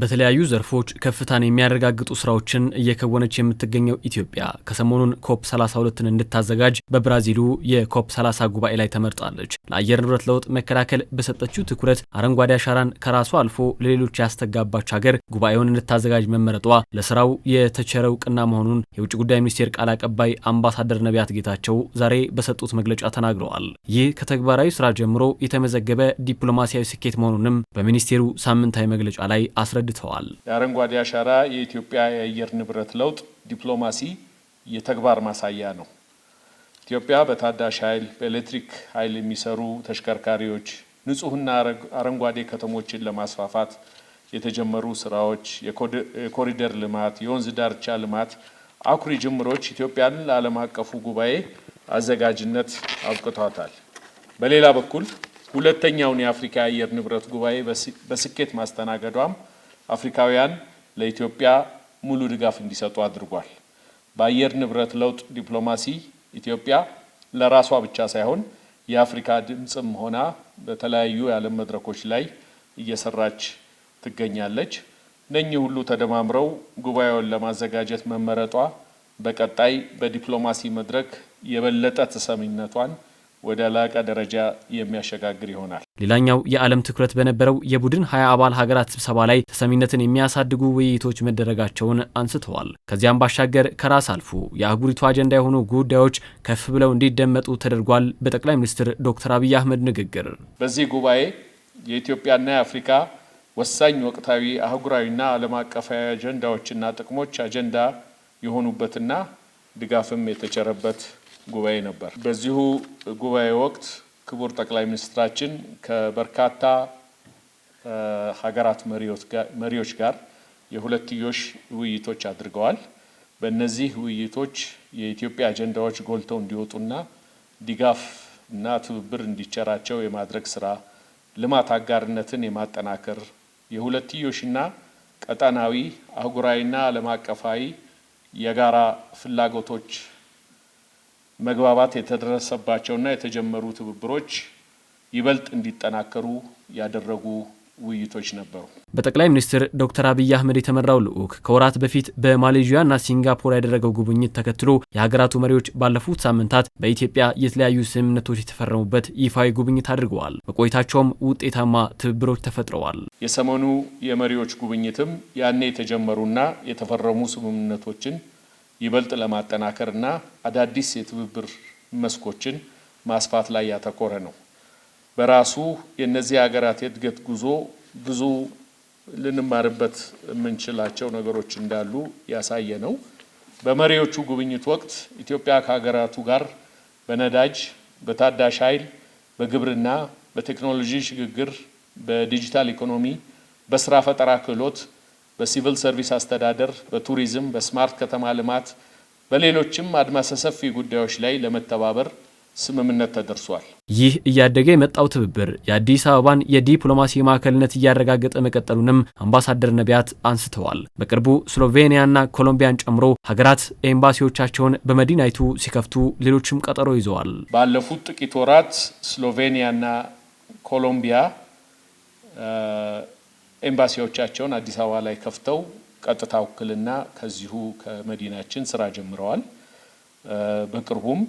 በተለያዩ ዘርፎች ከፍታን የሚያረጋግጡ ስራዎችን እየከወነች የምትገኘው ኢትዮጵያ ከሰሞኑን ኮፕ 32ን እንድታዘጋጅ በብራዚሉ የኮፕ 30 ጉባኤ ላይ ተመርጣለች። ለአየር ንብረት ለውጥ መከላከል በሰጠችው ትኩረት አረንጓዴ አሻራን ከራሷ አልፎ ለሌሎች ያስተጋባች ሀገር ጉባኤውን እንድታዘጋጅ መመረጧ ለስራው የተቸረ እውቅና መሆኑን የውጭ ጉዳይ ሚኒስቴር ቃል አቀባይ አምባሳደር ነቢያት ጌታቸው ዛሬ በሰጡት መግለጫ ተናግረዋል። ይህ ከተግባራዊ ስራ ጀምሮ የተመዘገበ ዲፕሎማሲያዊ ስኬት መሆኑንም በሚኒስቴሩ ሳምንታዊ መግለጫ ላይ አስረ አስረድተዋል። የአረንጓዴ አሻራ የኢትዮጵያ የአየር ንብረት ለውጥ ዲፕሎማሲ የተግባር ማሳያ ነው። ኢትዮጵያ በታዳሽ ኃይል፣ በኤሌክትሪክ ኃይል የሚሰሩ ተሽከርካሪዎች፣ ንጹህና አረንጓዴ ከተሞችን ለማስፋፋት የተጀመሩ ስራዎች፣ የኮሪደር ልማት፣ የወንዝ ዳርቻ ልማት አኩሪ ጅምሮች ኢትዮጵያን ለዓለም አቀፉ ጉባኤ አዘጋጅነት አብቅቷታል። በሌላ በኩል ሁለተኛውን የአፍሪካ የአየር ንብረት ጉባኤ በስኬት ማስተናገዷም አፍሪካውያን ለኢትዮጵያ ሙሉ ድጋፍ እንዲሰጡ አድርጓል። በአየር ንብረት ለውጥ ዲፕሎማሲ ኢትዮጵያ ለራሷ ብቻ ሳይሆን የአፍሪካ ድምፅም ሆና በተለያዩ የዓለም መድረኮች ላይ እየሰራች ትገኛለች። እነኚህ ሁሉ ተደማምረው ጉባኤውን ለማዘጋጀት መመረጧ በቀጣይ በዲፕሎማሲ መድረክ የበለጠ ተሰሚነቷን ወደ ላቀ ደረጃ የሚያሸጋግር ይሆናል። ሌላኛው የዓለም ትኩረት በነበረው የቡድን ሀያ አባል ሀገራት ስብሰባ ላይ ተሰሚነትን የሚያሳድጉ ውይይቶች መደረጋቸውን አንስተዋል። ከዚያም ባሻገር ከራስ አልፎ የአህጉሪቱ አጀንዳ የሆኑ ጉዳዮች ከፍ ብለው እንዲደመጡ ተደርጓል። በጠቅላይ ሚኒስትር ዶክተር አብይ አህመድ ንግግር በዚህ ጉባኤ የኢትዮጵያና የአፍሪካ ወሳኝ ወቅታዊ አህጉራዊና ዓለም አቀፋዊ አጀንዳዎችና ጥቅሞች አጀንዳ የሆኑበትና ድጋፍም የተቸረበት ጉባኤ ነበር። በዚሁ ጉባኤ ወቅት ክቡር ጠቅላይ ሚኒስትራችን ከበርካታ ሀገራት መሪዎች ጋር የሁለትዮሽ ውይይቶች አድርገዋል። በእነዚህ ውይይቶች የኢትዮጵያ አጀንዳዎች ጎልተው እንዲወጡና ድጋፍ እና ትብብር እንዲቸራቸው የማድረግ ስራ፣ ልማት አጋርነትን የማጠናከር የሁለትዮሽና ቀጠናዊ አህጉራዊና ዓለም አቀፋዊ የጋራ ፍላጎቶች መግባባት የተደረሰባቸውና የተጀመሩ ትብብሮች ይበልጥ እንዲጠናከሩ ያደረጉ ውይይቶች ነበሩ። በጠቅላይ ሚኒስትር ዶክተር አብይ አህመድ የተመራው ልዑክ ከወራት በፊት በማሌዥያና ሲንጋፖር ያደረገው ጉብኝት ተከትሎ የሀገራቱ መሪዎች ባለፉት ሳምንታት በኢትዮጵያ የተለያዩ ስምምነቶች የተፈረሙበት ይፋዊ ጉብኝት አድርገዋል። በቆይታቸውም ውጤታማ ትብብሮች ተፈጥረዋል። የሰሞኑ የመሪዎች ጉብኝትም ያኔ የተጀመሩና የተፈረሙ ስምምነቶችን ይበልጥ ለማጠናከር እና አዳዲስ የትብብር መስኮችን ማስፋት ላይ ያተኮረ ነው። በራሱ የእነዚህ ሀገራት የእድገት ጉዞ ብዙ ልንማርበት የምንችላቸው ነገሮች እንዳሉ ያሳየ ነው። በመሪዎቹ ጉብኝት ወቅት ኢትዮጵያ ከሀገራቱ ጋር በነዳጅ፣ በታዳሽ ኃይል፣ በግብርና፣ በቴክኖሎጂ ሽግግር፣ በዲጂታል ኢኮኖሚ፣ በስራ ፈጠራ ክህሎት በሲቪል ሰርቪስ አስተዳደር፣ በቱሪዝም፣ በስማርት ከተማ ልማት፣ በሌሎችም አድማሰ ሰፊ ጉዳዮች ላይ ለመተባበር ስምምነት ተደርሷል። ይህ እያደገ የመጣው ትብብር የአዲስ አበባን የዲፕሎማሲ ማዕከልነት እያረጋገጠ መቀጠሉንም አምባሳደር ነቢያት አንስተዋል። በቅርቡ ስሎቬኒያና ኮሎምቢያን ጨምሮ ሀገራት ኤምባሲዎቻቸውን በመዲናይቱ ሲከፍቱ ሌሎችም ቀጠሮ ይዘዋል። ባለፉት ጥቂት ወራት ስሎቬኒያና ኮሎምቢያ ኤምባሲዎቻቸውን አዲስ አበባ ላይ ከፍተው ቀጥታ ውክልና ከዚሁ ከመዲናችን ስራ ጀምረዋል። በቅርቡም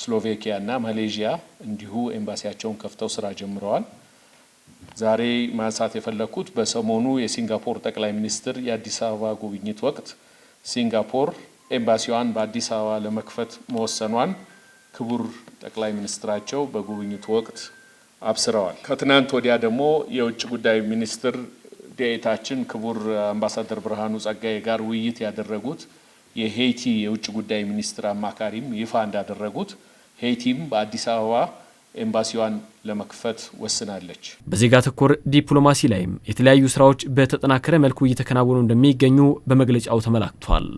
ስሎቬኪያ እና ማሌዥያ እንዲሁ ኤምባሲያቸውን ከፍተው ስራ ጀምረዋል። ዛሬ ማንሳት የፈለግኩት በሰሞኑ የሲንጋፖር ጠቅላይ ሚኒስትር የአዲስ አበባ ጉብኝት ወቅት ሲንጋፖር ኤምባሲዋን በአዲስ አበባ ለመክፈት መወሰኗን ክቡር ጠቅላይ ሚኒስትራቸው በጉብኝቱ ወቅት አብስረዋል። ከትናንት ወዲያ ደግሞ የውጭ ጉዳይ ሚኒስትር ጉዳይታችን ክቡር አምባሳደር ብርሃኑ ጸጋዬ ጋር ውይይት ያደረጉት የሄይቲ የውጭ ጉዳይ ሚኒስትር አማካሪም ይፋ እንዳደረጉት ሄይቲም በአዲስ አበባ ኤምባሲዋን ለመክፈት ወስናለች። በዜጋ ተኮር ዲፕሎማሲ ላይም የተለያዩ ስራዎች በተጠናከረ መልኩ እየተከናወኑ እንደሚገኙ በመግለጫው ተመላክቷል።